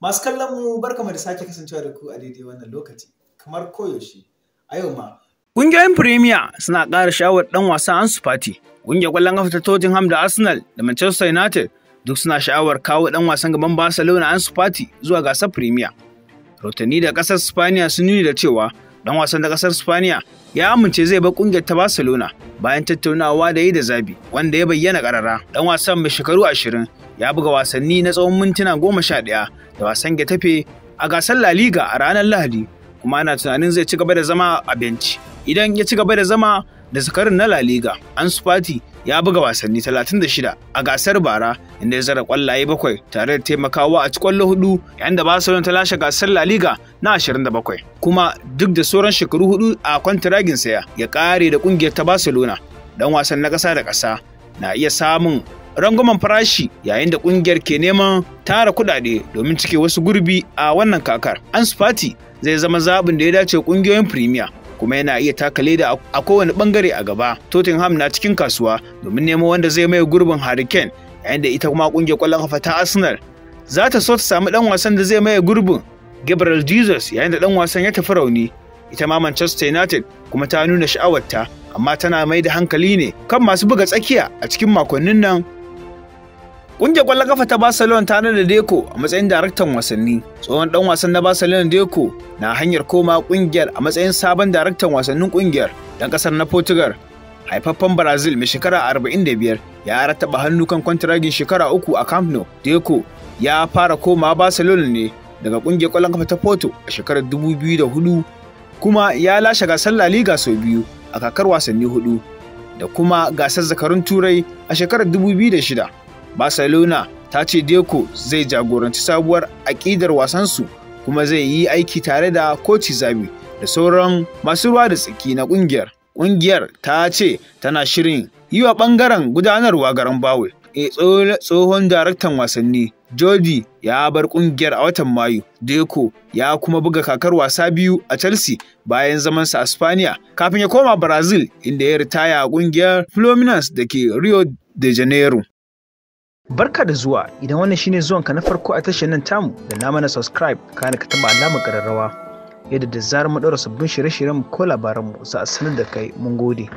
Masu kallon mu kama da sake kasancewa da ku a daidai wannan lokaci, kamar koyaushe, a yau ma. Ƙungiyoyin Premier suna ƙara sha'awar ɗan wasa Ansu Fati, ƙungiyar ƙwallon ƙafa ta Tottenham da Arsenal da Manchester United duk suna sha'awar kawo ɗan wasan gaban Barcelona Ansu Fati zuwa gasar Premier. Rahotanni da ƙasar Spaniya sun nuni da cewa dan wasan da kasar Spaniya ya amince zai bar kungiyar ta Barcelona bayan tattaunawa da yi da Zabi wanda ya bayyana karara. Dan wasan mai shekaru 20 ya buga wasanni na tsawon mintuna 11 da wasan Getafe a gasar La Liga a ranar Lahadi kuma ana tunanin zai ci gaba da zama a benci. Idan ya ci gaba da zama da zakarin na La Liga, Ansu Fati ya buga wasanni 36 a gasar bara inda ya zara kwallaye bakwai tare da taimakawa a ci kwallo hudu yayin da Barcelona ta lashe gasar La Liga na 27 kuma duk da sauran shekaru hudu a kwantiragin saya ya kare da kungiyar ta Barcelona dan wasan na kasa da kasa na iya samun rangwamen farashi yayin da kungiyar ke neman tara kudade domin cike wasu gurbi a wannan kakar. Ansu Fati zai zama zabin da ya dace kungiyoyin Premier kuma yana iya taka leda a kowane bangare a gaba. Tottenham na cikin kasuwa domin nemo wanda zai mai gurbin Harry yayin da ita kuma kungiyar kwallon kafa ta Arsenal za ta so ta samu dan wasan da zai maye gurbin Gabriel Jesus yayin da dan wasan ya tafi rauni. Ita ma Manchester United kuma ta nuna sha'awarta amma tana mai da hankali ne kan masu buga tsakiya a cikin makonnin nan Ƙungiyar ƙwallon kafa ta Barcelona ta nada Deco a matsayin daraktan wasanni. Tsohon ɗan wasan na Barcelona Deco na hanyar koma ƙungiyar a matsayin sabon daraktan wasannin kungiyar dan kasar na Portugal. Haifaffen Brazil mai shekara biyar, ya rataba hannu kan kwantiragin shekara uku a Camp Nou. Deco ya fara koma Barcelona ne daga ƙungiyar ƙwallon kafa ta Porto a shekarar 2004 kuma ya lashe gasar La Liga sau biyu a kakar wasanni hudu da kuma gasar zakarun Turai a shekarar dubu biyu da shida. Barcelona ta ce Deco zai jagoranci sabuwar aƙidar wasansu kuma zai yi aiki tare da Koci Zabi da sauran masu ruwa da tsaki na ƙungiyar. Ƙungiyar ta ce tana shirin yi wa ɓangaren gudanarwa garin Bawul. E tsohon daraktan wasanni Jordi ya bar ƙungiyar a watan Mayu. Deco ya kuma buga kakar wasa biyu a Chelsea bayan zamansa a Spaniya kafin ya koma Brazil inda ya ritaya a ƙungiyar Fluminense da ke Rio de Janeiro. Barka da zuwa idan wannan shine zuwanka na farko a tashar nan tamu da na mana subscribe kana ka taba alamar kararrawa yadda da zarar mu daura sabbin shirye-shiryen ko labaran mu za a sanar da kai mun gode.